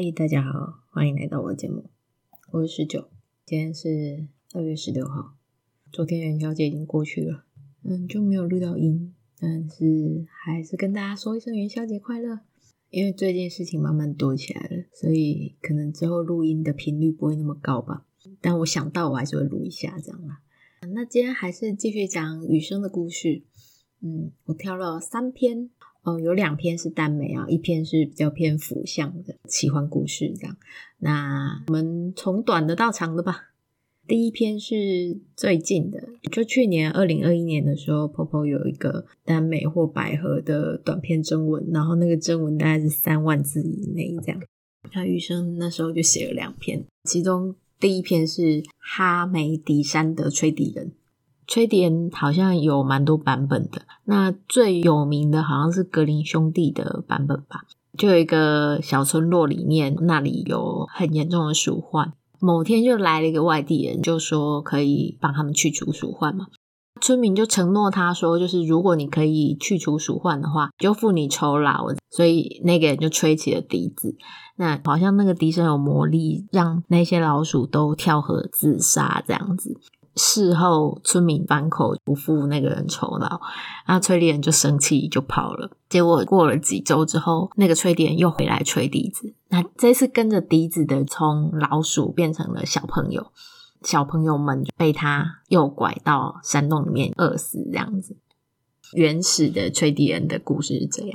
嗨，大家好，歡迎來到我的節目，我是十九，今天是二月十六號，昨天元宵節已經過去了，嗯，就沒有錄到音，但是還是跟大家說一聲元宵節快樂，因為最近事情慢慢多起來了，所以可能之後錄音的頻率不會那麼高吧，但我想到我還是會錄一下這樣啦，嗯，那今天還是繼續講羽笙的故事，嗯，我挑了三篇。哦、嗯，有兩篇是耽美啊，一篇是比較偏腐向的奇幻故事這樣。那我們從短的到長的吧。第一篇是最近的，就去年二零二一年的時候，Popo 婆婆有一個耽美或百合的短篇徵文，然後那個徵文大概是三萬字以內這樣。她羽笙那時候就寫了兩篇，其中第一篇是《哈梅迪山的吹笛人》。吹笛人好像有蠻多版本的，那最有名的好像是格林兄弟的版本吧。就有一個小村落裡面，那裡有很嚴重的鼠患。某天就來了一個外地人，就說可以幫他們去除鼠患嘛。村民就承諾他說，就是如果你可以去除鼠患的話，就付你酬勞。所以那個人就吹起了笛子，那好像那個笛聲有魔力，讓那些老鼠都跳河自殺這樣子。事後，村民反口不付那個人酬勞，那吹笛人就生氣就跑了。結果過了幾周之後，那個吹笛人又回來吹笛子。那這次跟着笛子的從老鼠變成了小朋友，小朋友們被他誘拐到山洞裡面餓死，這樣子。原始的吹笛人的故事是這樣。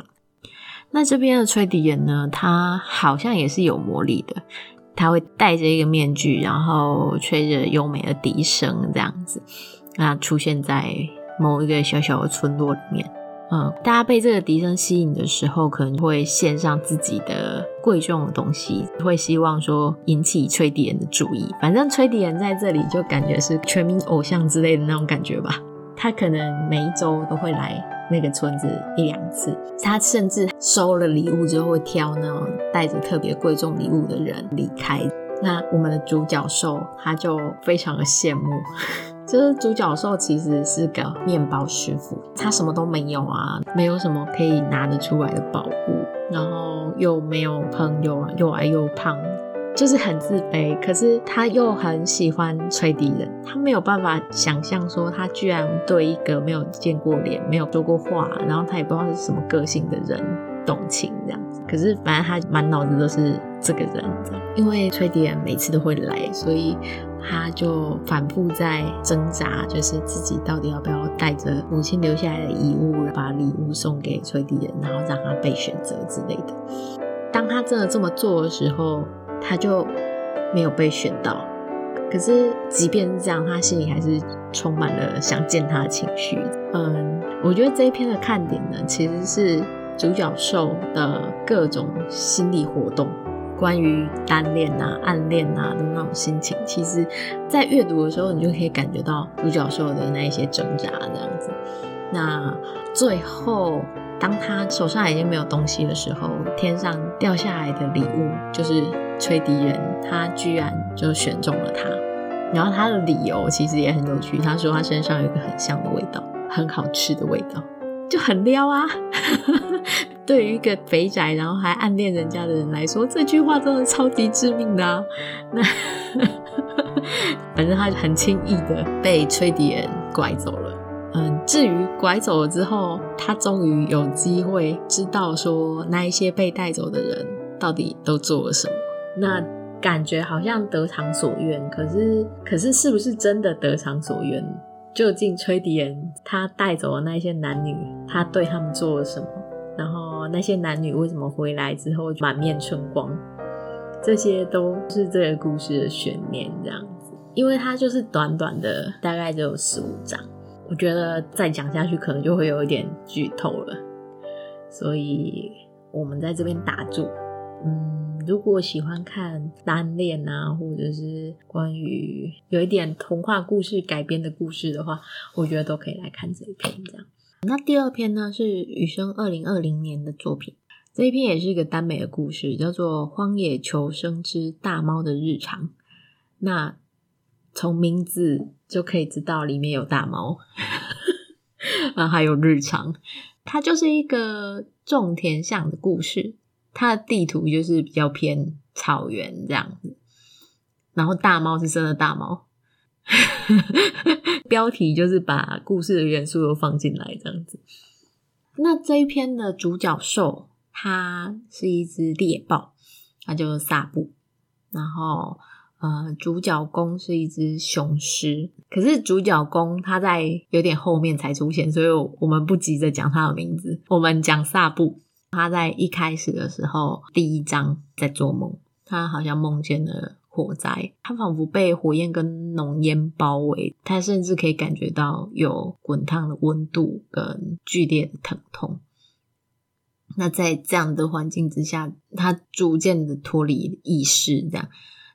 那這邊的吹笛人呢，他好像也是有魔力的。他會戴着一個面具，然後吹着優美的笛聲，這樣子，那出現在某一個小小的村落裡面。嗯，大家被這個笛聲吸引的時候，可能會獻上自己的貴重的東西，會希望說引起吹笛人的注意。反正吹笛人在這裡，就感覺是全民偶像之類的那種感覺吧。他可能每一周都會來那個村子一兩次，他甚至收了禮物之後會挑那種帶着特別貴重禮物的人離開。那我們的主角受他就非常的羨慕。 就是主角受其實是個麵包師傅，他什麼都沒有啊，沒有什麼可以拿得出來的寶物，然後又沒有朋友，又矮又胖。就是很自卑，可是他又很喜歡吹笛人，他沒有辦法想象說他居然對一個沒有見過臉、沒有說過話，然後他也不知道是什麼個性的人動情這樣子。可是反正他滿腦子都是這個人這樣，因為吹笛人每次都會來，所以他就反覆在掙扎，就是自己到底要不要帶着母親留下來的遺物，把禮物送給吹笛人，然後讓他被選擇之類的。當他真的這麼做的時候。他就沒有被選到，可是即便是這樣，他心裡還是充滿了想見他的情緒。嗯，我覺得這一篇的看點呢，其實是主角獸的各種心理活動，關於單戀吶、啊、暗戀吶、啊、的那種心情。其實，在閱讀的時候，你就可以感覺到主角獸的那一些掙扎，這樣子。那最後。當他手上已經沒有東西的時候，天上掉下來的禮物就是吹笛人，他居然就選中了他。然後他的理由其實也很有趣，他說他身上有一個很香的味道，很好吃的味道，就很撩啊。 對於一個肥宅，然後還暗戀人家的人來說，這句話真的超級致命的啊。那， 反正他就很輕易的被吹笛人拐走了。至於拐走了之後，他終於有機會知道說那一些被帶走的人到底都做了什麼。那感覺好像得償所願，可是可是是不是真的得償所願？究竟吹笛人他帶走了那些男女，他對他們做了什麼？然後那些男女為什麼回來之後滿面春光？這些都是這個故事的懸念，這樣子，因為它就是短短的，大概只有十五章。我覺得再講下去可能就會有一點劇透了，所以我們在這邊打住。嗯，如果喜歡看單戀啊，或者是關於有一點童話故事改編的故事的話，我覺得都可以來看這一篇。這樣，那第二篇呢是羽笙二零二零年的作品，這一篇也是一個耽美的故事，叫做《荒野求生之大貓的日常》。那從名字，就可以知道裡面有大貓，啊， 還有日常，它就是一個種田向的故事。它的地圖就是比較偏草原這樣子，然後大貓是真的大貓， 標題就是把故事的元素都放進來這樣子。那這一篇的主角獸，它是一隻獵豹，它叫薩布，然後。呃，主角公是一只雄獅，可是主角公他在有點後面才出現，所以我們不急着講他的名字。我們講薩布，他在一開始的時候，第一章在做夢，他好像夢見了火災，他仿佛被火焰跟濃煙包圍，他甚至可以感覺到有滾燙的溫度跟劇烈的疼痛。那在這樣的環境之下，他逐漸的脫離意識，這樣。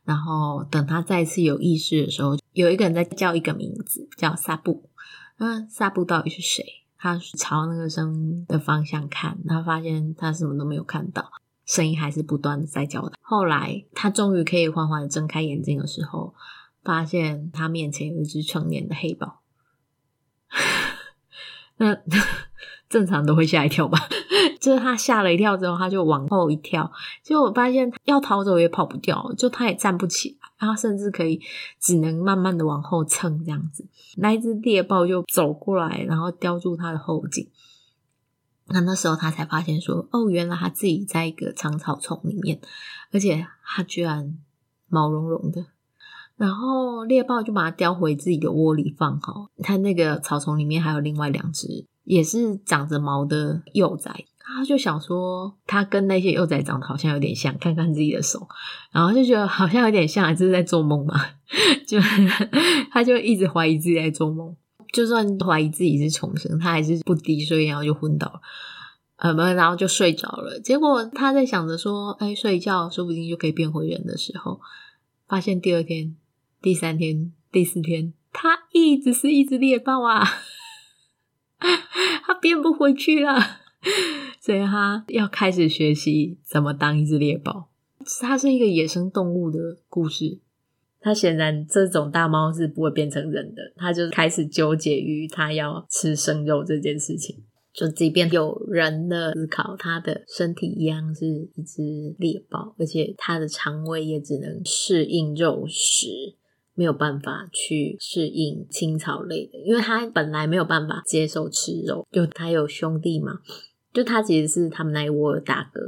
然後等他再次有意識的時候，有一個人在叫一個名字，叫薩布。那、啊、薩布到底是誰？他朝那個聲音的方向看，他發現他什麼都沒有看到，聲音還是不斷的在叫他。後來他終於可以緩緩的睜開眼睛的時候，發現他面前有一隻成年的黑豹。那 正常都會嚇一跳吧？就是他嚇了一跳之後，他就往後一跳。結果我發現要逃走也跑不掉，就他也站不起來，他甚至可以只能慢慢的往後蹭這樣子。那一隻獵豹就走過來，然後叼住他的後頸。那那時候他才發現說：“哦，原來他自己在一個長草叢裡面，而且他居然毛茸茸的。”然後獵豹就把它叼回自己的窩裡放好。他那個草叢裡面還有另外兩隻，也是長着毛的幼崽。他就想說，他跟那些幼崽長得好像有點像，看看自己的手，然後就覺得好像有點像，還是在做夢嘛，就他就一直懷疑自己在做夢，就算懷疑自己是重生，他還是不敵，所以然後就昏倒了，呃、嗯、然後就睡着了。結果他在想着說，哎，睡覺說不定就可以變回人的時候，發現第二天、第三天、第四天，他一直是一只獵豹啊，他變不回去了。所以他要開始學習怎麼當一只獵豹。它是一個野生動物的故事。它顯然這種大貓是不會變成人的。它就開始糾結於它要吃生肉這件事情。就即便有人的思考，它的身體一樣是一只獵豹，而且它的腸胃也只能適應肉食，沒有辦法去適應青草類的，因為它本來沒有辦法接受吃肉。有，它有兄弟嘛。就他其實是他們那一窩的大哥，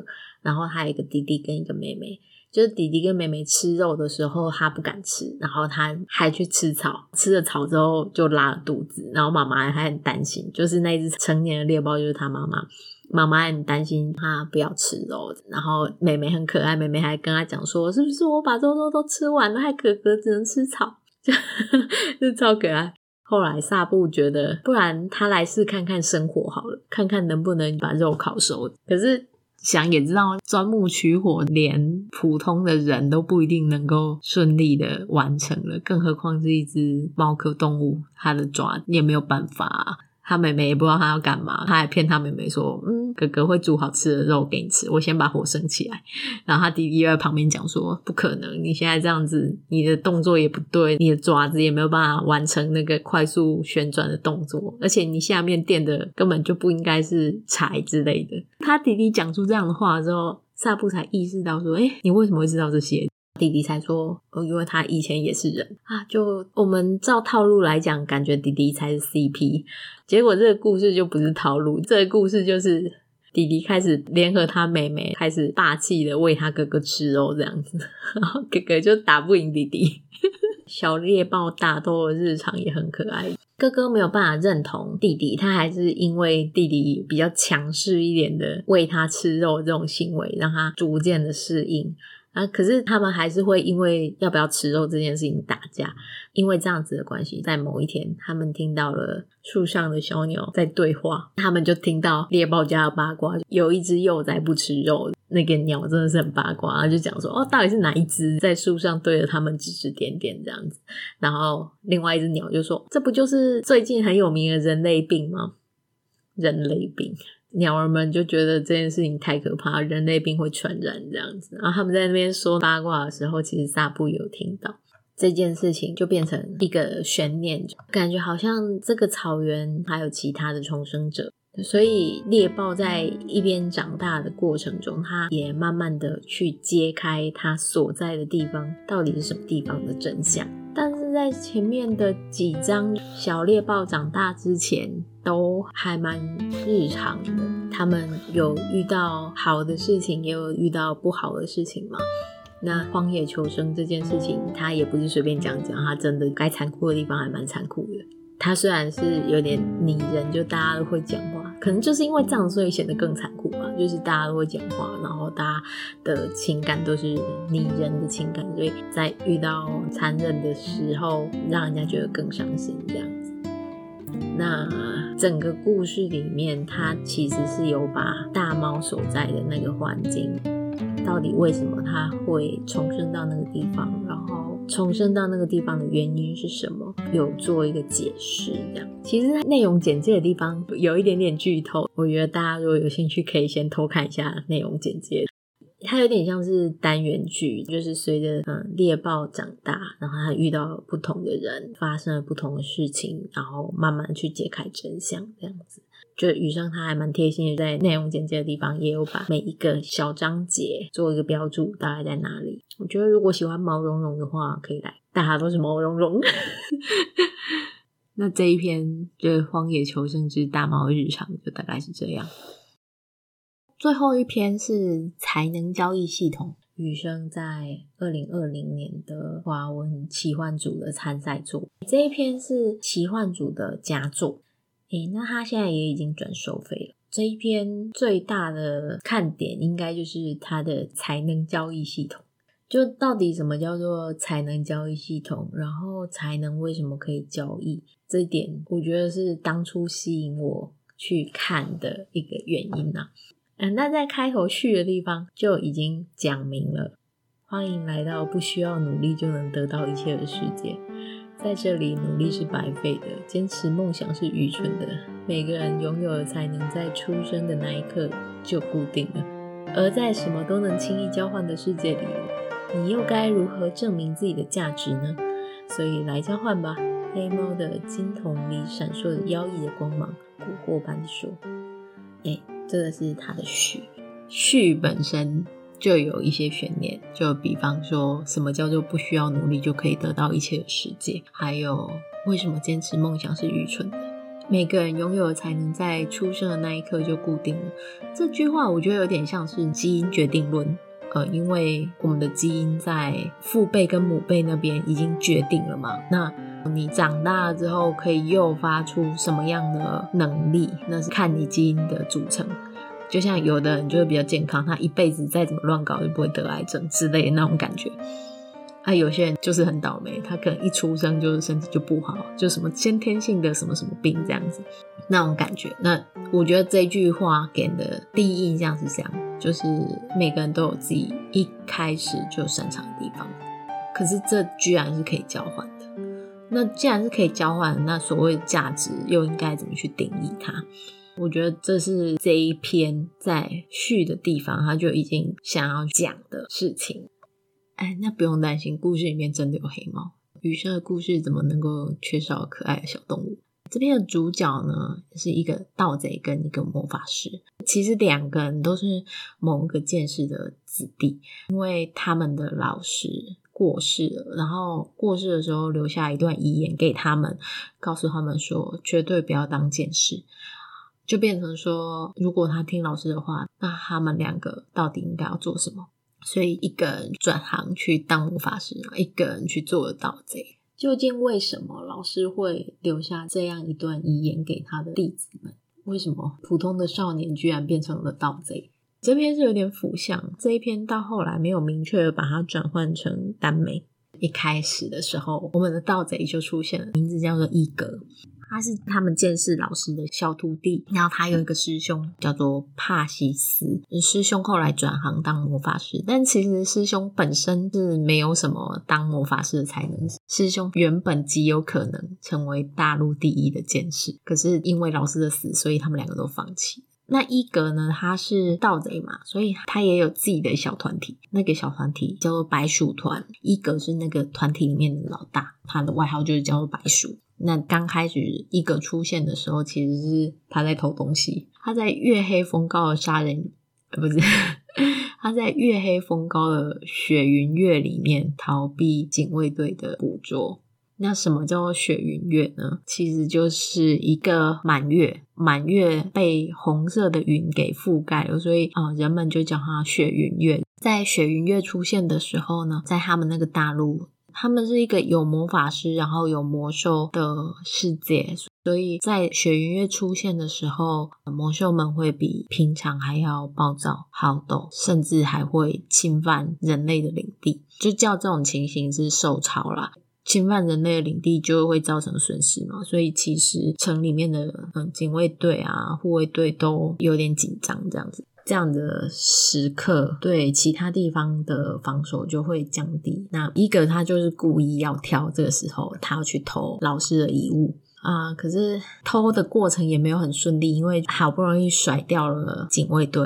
然後還有一個弟弟跟一個妹妹。就是弟弟跟妹妹吃肉的時候，他不敢吃，然後他還去吃草，吃了草之後就拉了肚子。然後媽媽還很擔心，就是那隻成年的獵豹就是他媽媽，媽媽很擔心他不要吃肉。然後妹妹很可愛，妹妹還跟他講說：“是不是我把肉肉都吃完了，還哥哥只能吃草，就 超可愛。”後來，薩布覺得，不然他來試看看生火好了，看看能不能把肉烤熟。可是想也知道，鑽木取火連普通的人都不一定能夠順利的完成了，更何況是一隻貓科動物，它的爪也沒有辦法啊。他妹妹也不知道他要幹嘛，他還騙他妹妹說：“嗯，哥哥會煮好吃的肉給你吃。”我先把火升起來。然後他弟弟又在旁邊講說：“不可能，你現在這樣子，你的動作也不對，你的爪子也沒有辦法完成那個快速旋轉的動作，而且你下面墊的根本就不應該是柴之類的。”他弟弟講出這樣的話之後，薩布才意識到說：“欸，你為什麼會知道這些？”弟弟才說，哦，因為他以前也是人啊，就我們照套路來講，感覺弟弟才是 CP。結果這個故事就不是套路，這個故事就是弟弟開始聯合他妹妹，開始霸氣的餵他哥哥吃肉，這樣子，哥哥就打不贏弟弟。小獵豹打鬥的日常也很可愛，哥哥沒有辦法認同弟弟，他還是因為弟弟比較強勢一點的餵他吃肉這種行為，讓他逐漸的適應。啊！可是他們還是會因為要不要吃肉這件事情打架。因為這樣子的關係，在某一天，他們聽到了樹上的小鳥在對話，他們就聽到獵豹家的八卦，有一隻幼崽不吃肉。那個鳥真的是很八卦，他就講說：“哦，到底是哪一隻在樹上對着他們指指點點這樣子？”然後另外一隻鳥就說：“這不就是最近很有名的人類病嗎？人類病。”鳥兒們就覺得這件事情太可怕，人類病會傳染這樣子。然後他們在那邊說八卦的時候，其實撒布有聽到這件事情，就變成一個懸念，感覺好像這個草原還有其他的重生者。所以獵豹在一邊長大的過程中，它也慢慢的去揭開它所在的地方到底是什麼地方的真相。但是在前面的幾章小獵豹長大之前。都還蠻日常的。他們有遇到好的事情，也有遇到不好的事情嘛。那《荒野求生》這件事情，他也不是隨便講講，他真的該殘酷的地方還蠻殘酷的。他雖然是有點擬人，就大家都會講話，可能就是因為這樣，所以顯得更殘酷吧。就是大家都會講話，然後大家的情感都是擬人的情感，所以在遇到殘忍的時候，讓人家覺得更傷心這樣。那整個故事裡面，它其實是有把大貓所在的那個環境，到底為什麼它會重生到那個地方，然後重生到那個地方的原因是什麼，有做一個解釋這樣。其實內容簡介的地方有一點點劇透，我覺得大家如果有興趣，可以先偷看一下內容簡介。它有點像是單元劇，就是隨着嗯獵豹長大，然後他遇到不同的人，發生了不同的事情，然後慢慢去解開真相，這樣子。就羽笙他還蠻貼心的，在內容簡介的地方也有把每一個小章節做一個標註，大概在哪裡。我覺得如果喜歡毛茸茸的話，可以來，大家都是毛茸茸。 那這一篇就是《荒野求生之大貓日常》，就大概是這樣。最後一篇是才能交易系統，羽笙在二零二零年的華文奇幻組的參賽作。這一篇是奇幻組的佳作，誒，那他現在也已經轉收費了。這一篇最大的看點應該就是他的才能交易系統，就到底什麼叫做才能交易系統，然後才能為什麼可以交易？這一點我覺得是當初吸引我去看的一個原因吶、啊。嗯、啊，那在開頭序的地方就已經講明了，歡迎來到不需要努力就能得到一切的世界。在這裡，努力是白費的，堅持夢想是愚蠢的。每個人擁有的才能在出生的那一刻就固定了，而在什麼都能輕易交換的世界裡，你又該如何證明自己的價值呢？所以，來交換吧。黑貓的金瞳裡閃爍着妖異的光芒，蠱惑般的說：“欸這個是他的序。序本身就有一些懸念，就比方說什麼叫做不需要努力就可以得到一切的世界，還有為什麼堅持夢想是愚蠢的？每個人擁有的才能在出生的那一刻就固定了，這句話我覺得有點像是基因決定論，呃，因為我們的基因在父輩跟母輩那邊已經決定了嘛，那。你長大了之後可以誘發出什麼樣的能力？那是看你基因的組成。就像有的人就會比較健康，他一輩子再怎麼亂搞就不會得癌症之類的那種感覺。啊，有些人就是很倒霉，他可能一出生就是身體就不好，就什麼先天性的什麼什麼病這樣子那種感覺。那我覺得這句話給你的第一印象是這樣，就是每個人都有自己一開始就擅長的地方，可是這居然是可以交換。那既然是可以交換，那所謂的價值又應該怎麼去定義它？我覺得這是這一篇在序的地方，他就已經想要講的事情。哎，那不用擔心，故事裡面真的有黑貓。羽笙的故事怎麼能夠缺少可愛的小動物？這篇的主角呢是一個盜賊跟一個魔法師，其實兩個人都是某一個劍士的子弟，因為他們的老師過世了，然後過世的時候留下一段遺言給他們，告訴他們說絕對不要當劍士，就變成說如果他聽老師的話，那他們兩個到底應該要做什麼？所以一個人轉行去當魔法師，一個人去做了盜賊。究竟為什麼老師會留下這樣一段遺言給他的弟子們？為什麼普通的少年居然變成了盜賊？這篇是有點腐向，這一篇到後來沒有明確的把它轉換成耽美。一開始的時候，我們的盜賊就出現了，名字叫做伊格，他是他們劍士老師的小徒弟。然後他有一個師兄叫做帕西斯，師兄後來轉行當魔法師，但其實師兄本身是沒有什麼當魔法師的才能。師兄原本極有可能成為大陸第一的劍士，可是因為老師的死，所以他們兩個都放棄。那一格呢？他是盜賊嘛，所以他也有自己的小團體。那個小團體叫做白鼠團，一格是那個團體裡面的老大，他的外號就是叫做白鼠。那剛開始一格出現的時候，其實是他在偷東西，他在月黑風高的殺人，不是，他在月黑風高的雪雲月裡面逃避警衛隊的捕捉。那什麼叫做雪雲月呢？其實就是一個滿月，滿月被紅色的雲給覆蓋了，所以啊、呃，人們就叫它雪雲月。在雪雲月出現的時候呢，在他們那個大陸，他們是一個有魔法師，然後有魔獸的世界，所以在雪雲月出現的時候，魔獸們會比平常還要暴躁好鬥，甚至還會侵犯人類的領地，就叫這種情形是獸潮啦。侵犯人類的領地就會造成損失嘛，所以其實城裡面的嗯警衛隊啊、護衛隊都有點緊張，這樣子。這樣的時刻，對其他地方的防守就會降低。那一個他就是故意要挑這個時候，他要去偷老師的遺物。啊、嗯！可是偷的過程也沒有很順利，因為好不容易甩掉了警衛隊，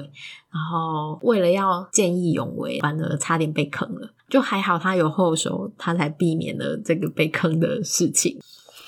然後為了要見義勇為，反而差點被坑了。就還好他有後手，他才避免了這個被坑的事情。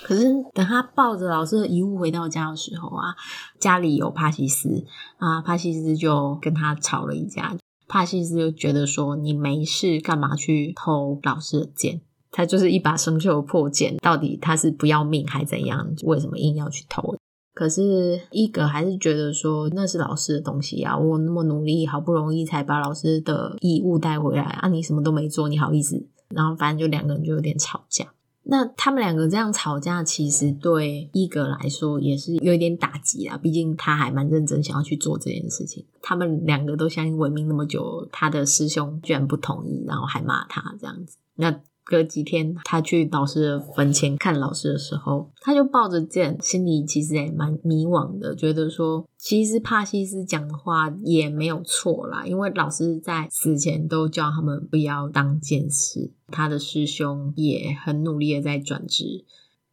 可是等他抱着老師的遺物回到家的時候啊，家裡有帕西斯啊，帕西斯就跟他吵了一架。帕西斯就覺得說：“你沒事幹嘛去偷老師的劍？”他就是一把生鏽的破劍，到底他是不要命還怎樣？為什麼硬要去偷？可是伊格還是覺得說那是老師的東西啊。我那麼努力，好不容易才把老師的遺物帶回來，啊，你什麼都沒做，你好意思？然後反正就兩個人就有點吵架。那他們兩個這樣吵架，其實對伊格來說也是有一點打擊啊，畢竟他還蠻認真想要去做這件事情。他們兩個都相依為命那麼久，他的師兄居然不同意，然後還罵他這樣子，那。隔幾天，他去老師的墳前看老師的時候，他就抱着劍，心裡其實也蠻迷惘的，覺得說，其實帕西斯講的話也沒有錯啦，因為老師在死前都叫他們不要當劍士，他的師兄也很努力的在轉職。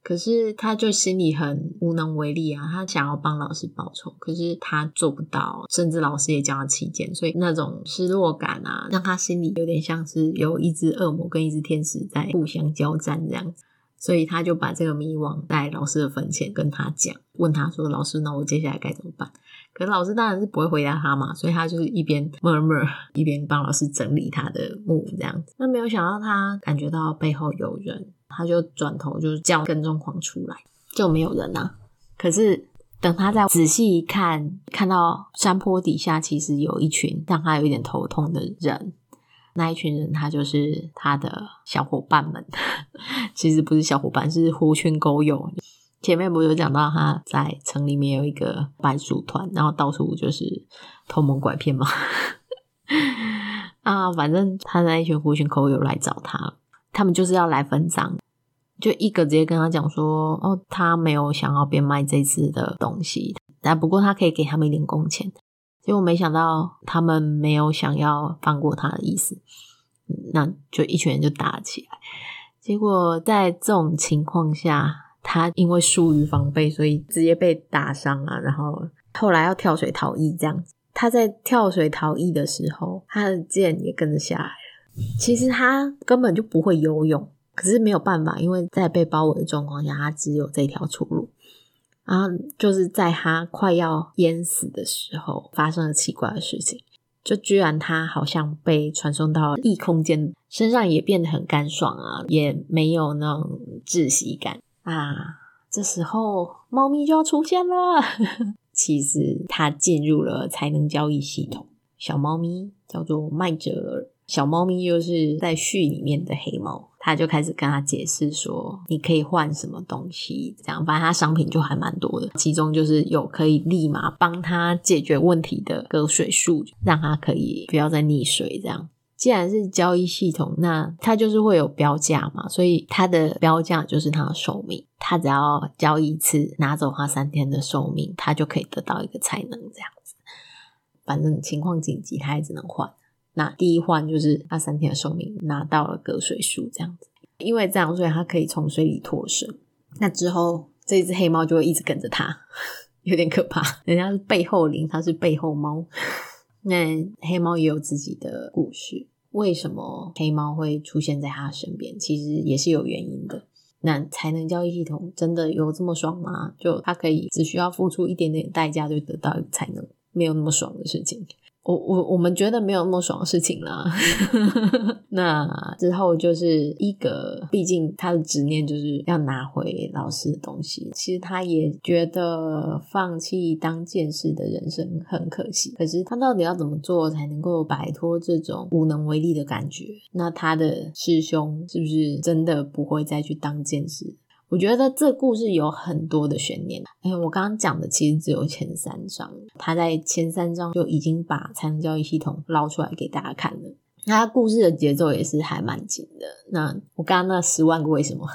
可是，他就心裡很無能為力啊。他想要幫老師報仇，可是他做不到，甚至老師也叫他棄劍，所以那種失落感啊，讓他心裡有點像是有一只惡魔跟一只天使在互相交戰這樣子。所以他就把這個迷惘在老師的墳前跟他講，問他說：“老師，那我接下來該怎麼辦？”可是老師當然是不會回答他嘛，所以他就是一邊默默一邊幫老師整理他的墓這樣子。那沒有想到，他感覺到背後有人。他就轉頭就是這樣跟蹤狂出來，就沒有人吶、啊。可是等他再仔細一看，看到山坡底下其實有一群讓他有一點頭痛的人。那一群人他就是他的小伙伴們，其實不是小伙伴，是狐群狗友。前面不是有講到他在城裡面有一個白鼠團，然後到處就是偷蒙拐騙嘛。 啊，反正他那一群狐群狗友來找他，他們就是要來分贓。就一個直接跟他講說：“哦，他沒有想要變賣這次的東西，但不過他可以給他們一點工錢。”結果沒想到他們沒有想要放過他的意思，那就一群人就打起來。結果在這種情況下，他因為疏於防備，所以直接被打傷了啊。然後後來要跳水逃逸，這樣子。他在跳水逃逸的時候，他的劍也跟着下來了。其實他根本就不會游泳。可是沒有辦法，因為在被包圍的狀況下，他只有這條出路。然、啊、後就是在他快要淹死的時候，發生了奇怪的事情，就居然他好像被傳送到異空間，身上也變得很乾爽啊，也沒有那種窒息感啊。這時候貓咪就要出現了， 其實他進入了才能交易系統，小貓咪叫做麥哲爾。小貓咪就是在序裡面的黑貓，他就開始跟他解釋說，你可以換什麼東西，這樣反正它商品就還蠻多的。其中就是有可以立馬幫他解決問題的隔水術，讓他可以不要再溺水。這樣，既然是交易系統，那它就是會有標價嘛，所以它的標價就是它的壽命。他只要交一次，拿走它三天的壽命，他就可以得到一個才能。這樣子，反正情況緊急，他也只能換。那第一換就是他三天的壽命拿到了隔水術，這樣子。因為這樣，所以他可以從水裡脫身。那之後，這隻黑貓就會一直跟着他，有點可怕。人家是背後靈，他是背後貓。那黑貓也有自己的故事，為什麼黑貓會出現在他身邊？其實也是有原因的。那才能交易系統真的有這麼爽嗎？就它可以只需要付出一點點代價就得到才能，沒有那麼爽的事情。我我我們覺得沒有那麼爽的事情啦。 那之後就是一個，畢竟他的執念就是要拿回老師的東西。其實他也覺得放棄當劍士的人生很可惜。可是他到底要怎麼做才能夠擺脫這種無能為力的感覺？那他的師兄是不是真的不會再去當劍士？我覺得這故事有很多的懸念。哎，我剛剛講的其實只有前三章，他在前三章就已經把才能交易系統撈出來給大家看了。那他故事的節奏也是還蠻緊的。那我剛剛那十萬個為什麼，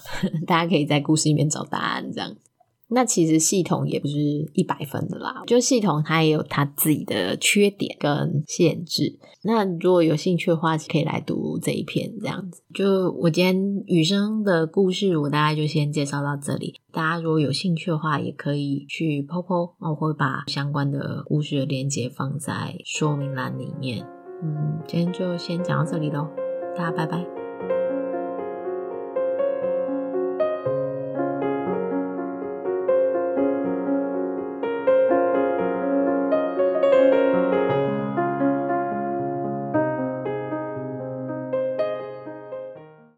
大家可以在故事裡面找答案這樣。那其實系統也不是一百分的啦，就系統它也有它自己的缺點跟限制。那如果有興趣的話，可以來讀這一篇這樣子。就我今天羽笙的故事，我大概就先介紹到這裡。大家如果有興趣的話，也可以去 POPO，我會把相關的故事的鏈接放在說明欄裡面。嗯，今天就先講到這裡嘍，大家拜拜。